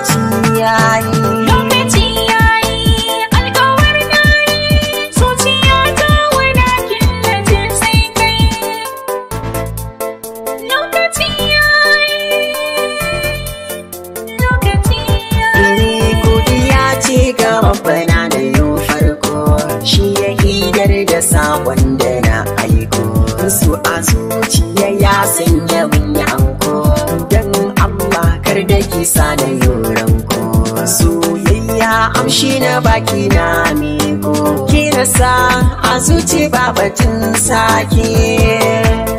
lokaci yayi lokaci yayi alƙawar nayi zuciya ta wani killace sai kai lokaci yayi lokaci yayi ce ga rabbana da yau farko shi ya hidar da sabon da na aiko su a zuciya ya sanya mun yanko dan Allah kar da kisa da shi na baki na miko. Ki rasa a zuci babatun sake.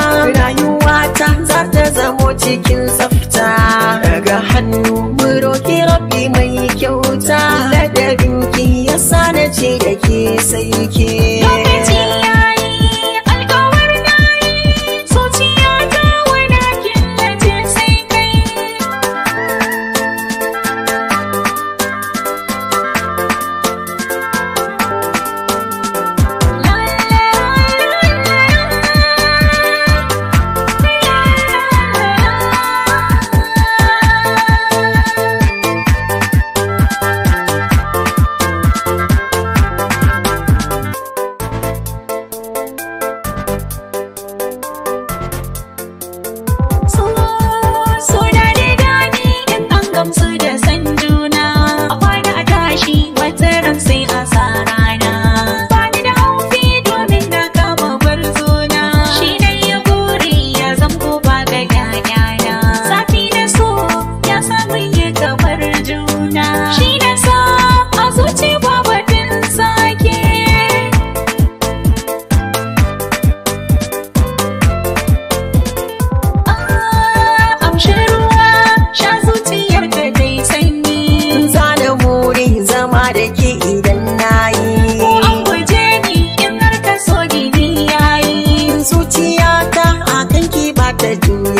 cikin tsafta daga hannu mu roki rabbi mai kyauta ladabin ki yasa na ce da ke sai ke